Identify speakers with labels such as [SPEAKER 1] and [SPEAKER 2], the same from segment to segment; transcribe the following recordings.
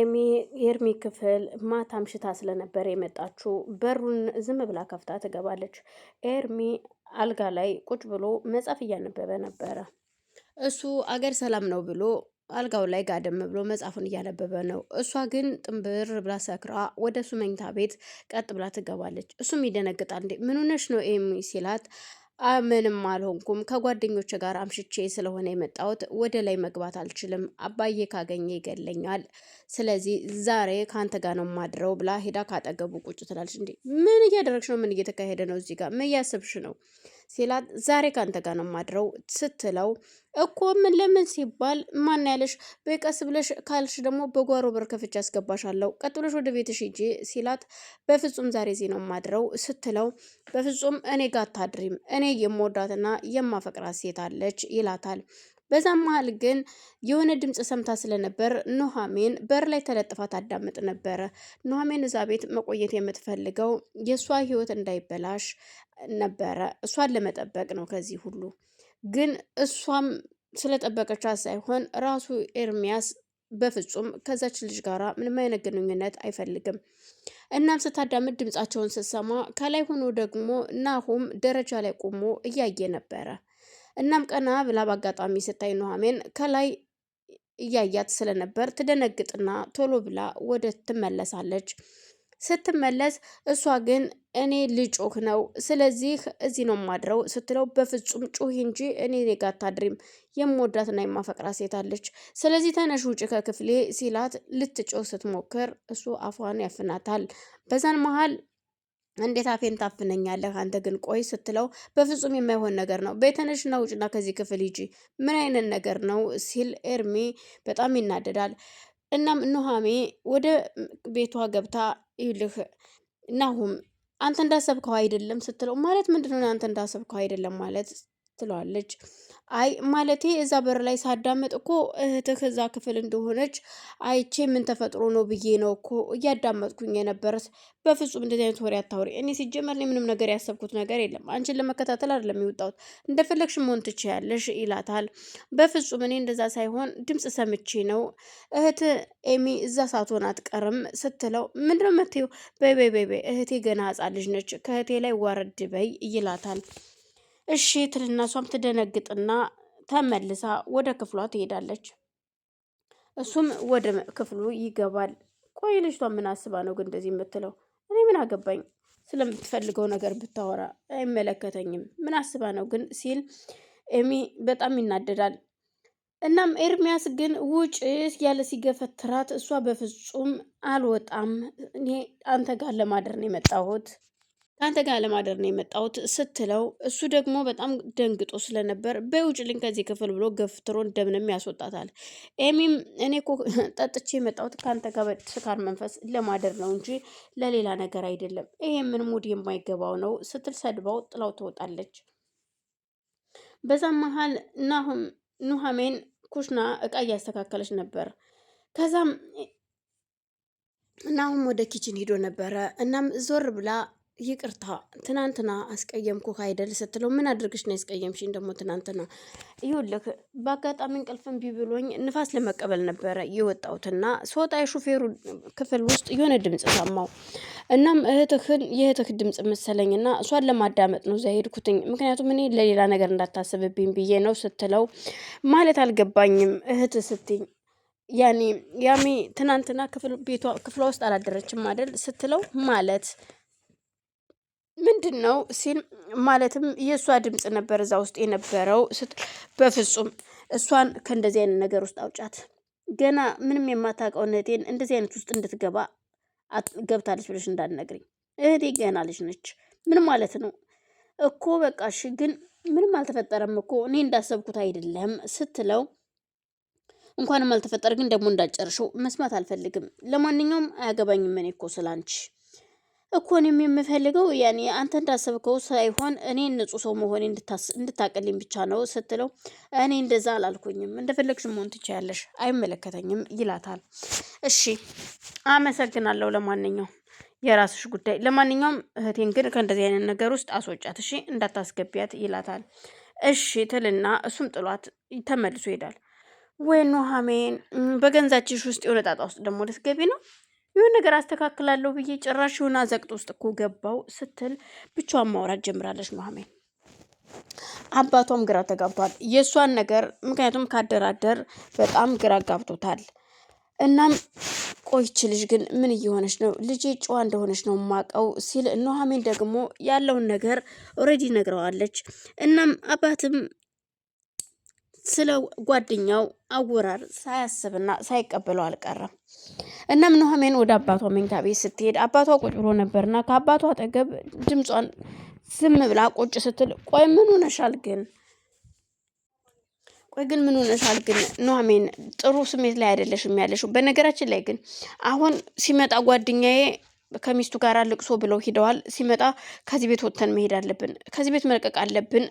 [SPEAKER 1] ኤሚ የኤርሚ ክፍል ማታ አምሽታ ስለነበር የመጣችው በሩን ዝም ብላ ከፍታ ትገባለች። ኤርሚ አልጋ ላይ ቁጭ ብሎ መጽሐፍ እያነበበ ነበረ።
[SPEAKER 2] እሱ አገር ሰላም ነው ብሎ አልጋው ላይ ጋደም ብሎ መጽሐፉን እያነበበ ነው። እሷ ግን ጥንብር ብላ ሰክራ ወደ እሱ መኝታ ቤት ቀጥ ብላ ትገባለች። እሱም ይደነግጣል። እንዴ ምን ሆነሽ ነው ኤሚ ሲላት ምንም አልሆንኩም። ከጓደኞች ጋር አምሽቼ ስለሆነ የመጣሁት ወደ ላይ መግባት አልችልም። አባዬ ካገኘ ይገለኛል። ስለዚህ ዛሬ ከአንተ ጋር ነው ማድረው ብላ ሄዳ ካጠገቡ ቁጭ ትላለች። እንዴ ምን እያደረግሽ ነው? ምን እየተካሄደ ነው? እዚህ ጋር ምን እያሰብሽ ነው? ሲላት ዛሬ ከአንተ ጋር ነው ማድረው ስትለው እኮ ምን ለምን ሲባል ማን ያለሽ በቀስ ብለሽ ካልሽ ደግሞ በጓሮ በር ከፍቼ አስገባሻለሁ ቀጥሎሽ ወደ ቤትሽ ሂጂ ሲላት በፍጹም ዛሬ እዚህ ነው ማድረው ስትለው በፍጹም እኔ ጋር አታድሪም እኔ የምወዳትና የማፈቅራት ሴት አለች ይላታል በዛ መሀል ግን የሆነ ድምፅ ሰምታ ስለነበር ኑሐሚን በር ላይ ተለጥፋ ታዳምጥ ነበረ። ኑሐሚን እዛ ቤት መቆየት የምትፈልገው የእሷ ህይወት እንዳይበላሽ ነበረ። እሷን ለመጠበቅ ነው። ከዚህ ሁሉ ግን እሷም ስለጠበቀቻት ሳይሆን ራሱ ኤርሚያስ በፍጹም ከዛች ልጅ ጋር ምንም አይነት ግንኙነት አይፈልግም። እናም ስታዳምጥ ድምፃቸውን ስትሰማ ከላይ ሆኖ ደግሞ ናሁም ደረጃ ላይ ቆሞ እያየ ነበረ። እናም ቀና ብላ በአጋጣሚ ስታይ ኑሐሚን ከላይ እያያት ስለነበር ትደነግጥና ቶሎ ብላ ወደ ትመለሳለች። ስትመለስ እሷ ግን እኔ ልጮህ ነው፣ ስለዚህ እዚህ ነው ማድረው ስትለው በፍጹም ጩህ እንጂ እኔ ኔጋ አታድሪም፣ የምወዳትና የማፈቅራ ሴት አለች። ስለዚህ ተነሽ ውጭ ከክፍሌ ሲላት ልትጮህ ስትሞክር እሱ አፏን ያፍናታል። በዛን መሀል እንዴት አፌን ታፍነኛለህ? አንተ ግን ቆይ ስትለው በፍጹም የማይሆን ነገር ነው። ቤተነሽ ና ውጭና ከዚህ ክፍል ሂጂ። ምን አይነት ነገር ነው ሲል ኤርሚ በጣም ይናደዳል። እናም ኑሃሜ ወደ ቤቷ ገብታ ይልህ ናሁም አንተ እንዳሰብከው አይደለም ስትለው ማለት ምንድን አንተ እንዳሰብከው አይደለም ማለት ትለዋለች። አይ ማለቴ እዛ በር ላይ ሳዳመጥ እኮ እህትህ እዛ ክፍል እንደሆነች አይቼ ምን ተፈጥሮ ነው ብዬ ነው እኮ እያዳመጥኩኝ የነበረት። በፍጹም እንደዚህ አይነት ወሬ አታውሪ። እኔ ሲጀመር ላይ ምንም ነገር ያሰብኩት ነገር የለም። አንቺን ለመከታተል አይደለም የወጣሁት። እንደፈለግሽ መሆን ትችያለሽ ይላታል። በፍጹም እኔ እንደዛ ሳይሆን ድምፅ ሰምቼ ነው። እህት ኤሚ እዛ ሳትሆን አትቀርም ስትለው ምንድነው መቴው በይ በይ በይ በይ እህቴ ገና ሕፃን ልጅ ነች ከእህቴ ላይ ዋረድ በይ ይላታል። እሺ ትልና እሷም ትደነግጥና ተመልሳ ወደ ክፍሏ ትሄዳለች። እሱም ወደ ክፍሉ ይገባል። ቆይ ልጅቷ ምን አስባ ነው ግን እንደዚህ የምትለው? እኔ ምን አገባኝ ስለምትፈልገው ነገር ብታወራ አይመለከተኝም። ምን አስባ ነው ግን ሲል ኤሚ በጣም ይናደዳል። እናም ኤርሚያስ ግን ውጭ ያለ ሲገፈትራት እሷ በፍጹም አልወጣም፣ እኔ አንተ ጋር ለማደር ነው የመጣሁት ከአንተ ጋር ለማደር ነው የመጣሁት ስትለው እሱ ደግሞ በጣም ደንግጦ ስለነበር በውጭልኝ ከዚህ ክፍል ብሎ ገፍትሮን ደምንም ያስወጣታል። ኤሚም እኔ እኮ ጠጥቼ የመጣሁት ከአንተ ጋር በስካር መንፈስ ለማደር ነው እንጂ ለሌላ ነገር አይደለም፣ ይሄ ምን ሙድ የማይገባው ነው ስትል ሰድባው ጥላው ትወጣለች። በዛም መሀል ናሁም ኑሐሜን ኩሽና እቃ እያስተካከለች ነበር። ከዛም ናሁም ወደ ኪችን ሂዶ ነበረ። እናም ዞር ብላ ይቅርታ ትናንትና አስቀየምኩህ አይደል ስትለው ምን አድርግሽ ነው ያስቀየምሽኝ? ደግሞ ትናንትና ይኸውልህ፣ በአጋጣሚ እንቅልፍ እምቢ ብሎኝ ንፋስ ለመቀበል ነበረ የወጣሁትና ስወጣ የሹፌሩ ክፍል ውስጥ የሆነ ድምፅ ሰማሁ። እናም እህትህን የእህትህ ድምፅ መሰለኝና እሷን ለማዳመጥ ነው እዛ ሄድኩትኝ፣ ምክንያቱም እኔ ለሌላ ነገር እንዳታስብብኝ ብዬ ነው ስትለው ማለት አልገባኝም እህት ስትኝ ያኔ ያሜ ትናንትና ክፍል ቤቷ ክፍሏ ውስጥ አላደረችም አይደል ስትለው ማለት ምንድን ነው ሲል ማለትም የእሷ ድምፅ ነበር እዛ ውስጥ የነበረው። በፍጹም እሷን ከእንደዚህ አይነት ነገር ውስጥ አውጫት፣ ገና ምንም የማታውቀው እህቴን እንደዚህ አይነት ውስጥ እንድትገባ ገብታለች ብለሽ እንዳትነግሪኝ። እህቴ ገና ልጅ ነች። ምን ማለት ነው እኮ በቃ እሺ፣ ግን ምንም አልተፈጠረም እኮ እኔ እንዳሰብኩት አይደለም ስትለው እንኳንም አልተፈጠረ፣ ግን ደግሞ እንዳጨርሸው መስማት አልፈልግም። ለማንኛውም አያገባኝም እኔ እኮ ስላንቺ እኮ እኔም የምፈልገው ያኔ አንተ እንዳሰብከው ሳይሆን እኔ ንጹህ ሰው መሆን እንድታቀልኝ ብቻ ነው ስትለው፣ እኔ እንደዛ አላልኩኝም፣ እንደፈለግሽ መሆን ትችያለሽ፣ አይመለከተኝም ይላታል። እሺ አመሰግናለሁ። ለማንኛው የራስሽ ጉዳይ። ለማንኛውም እህቴን ግን ከእንደዚህ አይነት ነገር ውስጥ አስወጫት፣ እሺ እንዳታስገቢያት ይላታል። እሺ ትልና እሱም ጥሏት ተመልሶ ይሄዳል። ወይ ኑሐሚን፣ በገንዛችሽ ውስጥ የሆነ ጣጣ ውስጥ ደግሞ ልትገቢ ነው ይሁን ነገር አስተካክላለሁ ብዬ ጭራሽ የሆነ አዘቅጥ ውስጥ እኮ ገባው ስትል ብቻዋን ማውራት ጀምራለች ኑሐሚን። አባቷም ግራ ተጋብቷል የእሷን ነገር ምክንያቱም ካደራደር በጣም ግራ ጋብቶታል። እናም ቆይች ልጅ ግን ምን እየሆነች ነው? ልጄ ጨዋ እንደሆነች ነው ማቀው ሲል ኑሐሚን ደግሞ ያለውን ነገር ኦልሬዲ ነግረዋለች። እናም አባትም ስለ ጓደኛው አወራር ሳያስብና ሳይቀበለው አልቀረም። እናም ኑሐሚን ወደ አባቷ መኝታ ቤት ስትሄድ አባቷ ቁጭ ብሎ ነበርና ከአባቷ አጠገብ ድምጿን ዝም ብላ ቁጭ ስትል ቆይ ምን ሆነሻል ግን ቆይ ግን ምን ሆነሻል ግን ኑሐሚን ጥሩ ስሜት ላይ አይደለሽም ያለሽው። በነገራችን ላይ ግን አሁን ሲመጣ ጓደኛዬ ከሚስቱ ጋር ልቅሶ ብለው ሂደዋል። ሲመጣ ከዚህ ቤት ወጥተን መሄድ አለብን፣ ከዚህ ቤት መልቀቅ አለብን።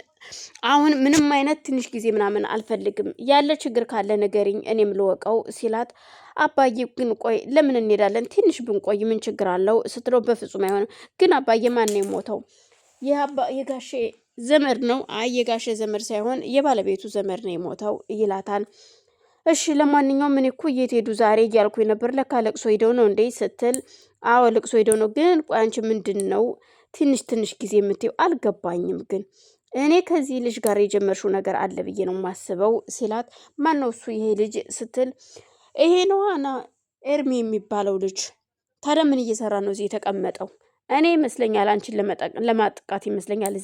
[SPEAKER 2] አሁን ምንም አይነት ትንሽ ጊዜ ምናምን አልፈልግም። ያለ ችግር ካለ ንገሪኝ፣ እኔም ልወቀው ሲላት አባዬ ግን ቆይ ለምን እንሄዳለን? ትንሽ ብንቆይ ምን ችግር አለው ስትለው በፍጹም አይሆንም። ግን አባዬ ማን ነው የሞተው?
[SPEAKER 1] የጋሼ ዘመድ ነው። አይ የጋሼ ዘመድ ሳይሆን የባለቤቱ ዘመድ ነው የሞተው ይላታል።
[SPEAKER 2] እሺ ለማንኛውም እኔ እኮ የት ሄዱ ዛሬ እያልኩኝ ነበር፣ ለካ ለቅሶ ሄደው ነው እንዴ ስትል አዎ ልቅሶ ሄደው ነው። ግን ቆይ አንቺ ምንድን ነው ትንሽ ትንሽ ጊዜ የምትይው አልገባኝም። ግን እኔ ከዚህ ልጅ ጋር የጀመርሽው ነገር አለ ብዬ ነው የማስበው ሲላት፣ ማን ነው እሱ ይሄ ልጅ ስትል፣ ይሄ ነዋና ኤርሚ የሚባለው ልጅ። ታዲያ ምን እየሰራ ነው እዚህ የተቀመጠው? እኔ ይመስለኛል አንቺን ለማጥቃት ይመስለኛል